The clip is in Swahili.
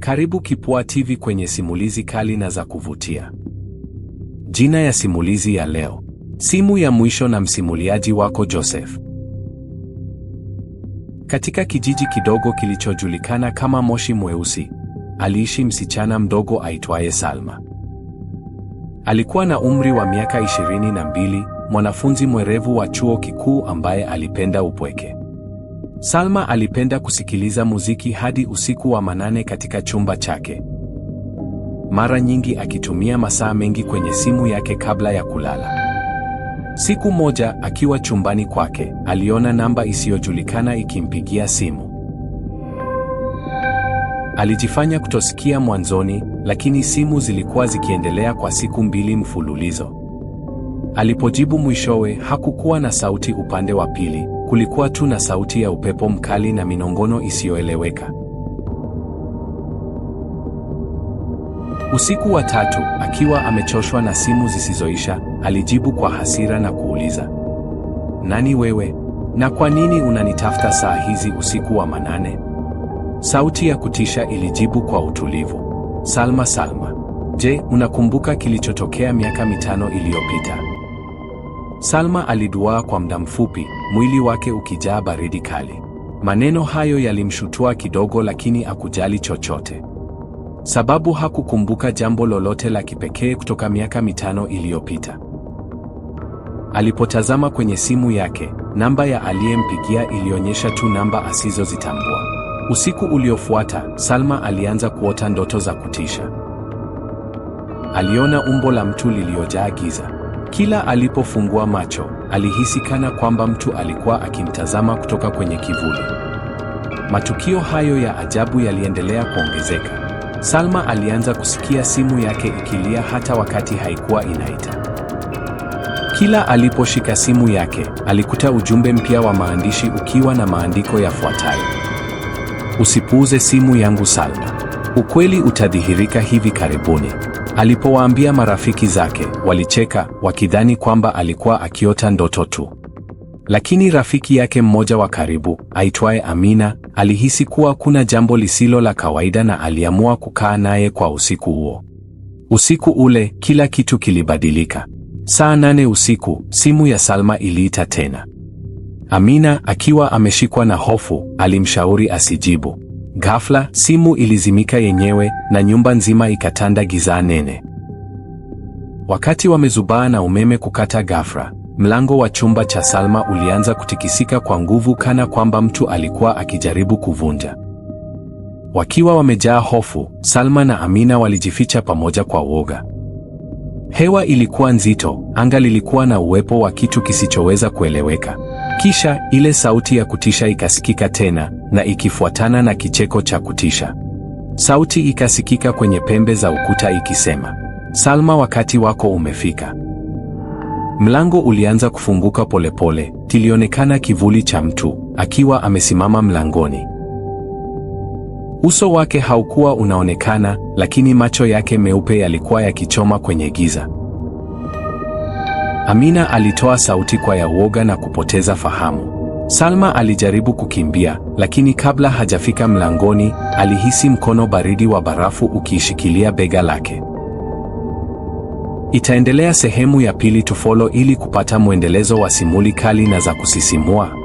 Karibu Kipua TV kwenye simulizi kali na za kuvutia. Jina ya simulizi ya leo: Simu ya Mwisho, na msimuliaji wako Joseph. Katika kijiji kidogo kilichojulikana kama Moshi Mweusi, aliishi msichana mdogo aitwaye Salma. Alikuwa na umri wa miaka 22, mwanafunzi mwerevu wa chuo kikuu ambaye alipenda upweke. Salma alipenda kusikiliza muziki hadi usiku wa manane katika chumba chake. Mara nyingi akitumia masaa mengi kwenye simu yake kabla ya kulala. Siku moja akiwa chumbani kwake, aliona namba isiyojulikana ikimpigia simu. Alijifanya kutosikia mwanzoni, lakini simu zilikuwa zikiendelea kwa siku mbili mfululizo. Alipojibu mwishowe, hakukuwa na sauti upande wa pili, kulikuwa tu na sauti ya upepo mkali na minongono isiyoeleweka. Usiku wa tatu, akiwa amechoshwa na simu zisizoisha, alijibu kwa hasira na kuuliza, nani wewe na kwa nini unanitafuta saa hizi usiku wa manane? Sauti ya kutisha ilijibu kwa utulivu, Salma, Salma, je, unakumbuka kilichotokea miaka mitano iliyopita? Salma aliduaa kwa muda mfupi, mwili wake ukijaa baridi kali. Maneno hayo yalimshutua kidogo, lakini akujali chochote, sababu hakukumbuka jambo lolote la kipekee kutoka miaka mitano iliyopita. Alipotazama kwenye simu yake, namba ya aliyempigia ilionyesha tu namba asizozitambua. Usiku uliofuata, Salma alianza kuota ndoto za kutisha. Aliona umbo la mtu liliojaa giza kila alipofungua macho, alihisi kana kwamba mtu alikuwa akimtazama kutoka kwenye kivuli. Matukio hayo ya ajabu yaliendelea kuongezeka. Salma alianza kusikia simu yake ikilia hata wakati haikuwa inaita. Kila aliposhika simu yake, alikuta ujumbe mpya wa maandishi ukiwa na maandiko yafuatayo: Usipuuze simu yangu Salma. Ukweli utadhihirika hivi karibuni. Alipowaambia marafiki zake, walicheka wakidhani kwamba alikuwa akiota ndoto tu. Lakini rafiki yake mmoja wa karibu aitwaye Amina alihisi kuwa kuna jambo lisilo la kawaida na aliamua kukaa naye kwa usiku huo. Usiku ule kila kitu kilibadilika. Saa nane usiku simu ya Salma iliita tena. Amina akiwa ameshikwa na hofu, alimshauri asijibu. Ghafla simu ilizimika yenyewe na nyumba nzima ikatanda giza nene. Wakati wamezubaa na umeme kukata ghafla, mlango wa chumba cha Salma ulianza kutikisika kwa nguvu, kana kwamba mtu alikuwa akijaribu kuvunja. Wakiwa wamejaa hofu, Salma na Amina walijificha pamoja kwa woga. Hewa ilikuwa nzito, anga lilikuwa na uwepo wa kitu kisichoweza kueleweka. Kisha ile sauti ya kutisha ikasikika tena na ikifuatana na kicheko cha kutisha. Sauti ikasikika kwenye pembe za ukuta ikisema, Salma, wakati wako umefika. Mlango ulianza kufunguka polepole, kilionekana kivuli cha mtu akiwa amesimama mlangoni. Uso wake haukuwa unaonekana, lakini macho yake meupe yalikuwa yakichoma kwenye giza. Amina alitoa sauti kwa ya uoga na kupoteza fahamu. Salma alijaribu kukimbia, lakini kabla hajafika mlangoni, alihisi mkono baridi wa barafu ukiishikilia bega lake. Itaendelea sehemu ya pili. Tufolo ili kupata mwendelezo wa simuli kali na za kusisimua.